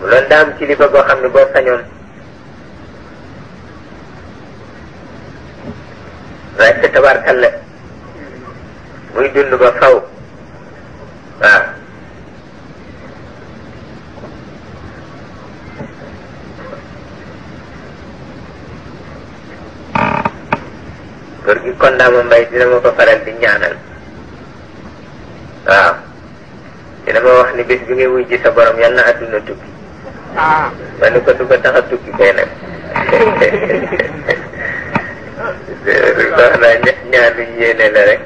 loolu daa am kilifa goo xam ne boo sañoon rekk tabarkalla muy dund ba faw waaw góor gi kon daa ma mbay dina ma ko faral di ñaanal waaw dina ma wax ni bés bi ngay wuy ji sa borom yal na àdduna tukki ma ni ko du ko tax a tukki kay nag wax naa ñaar lu ñu yéene rek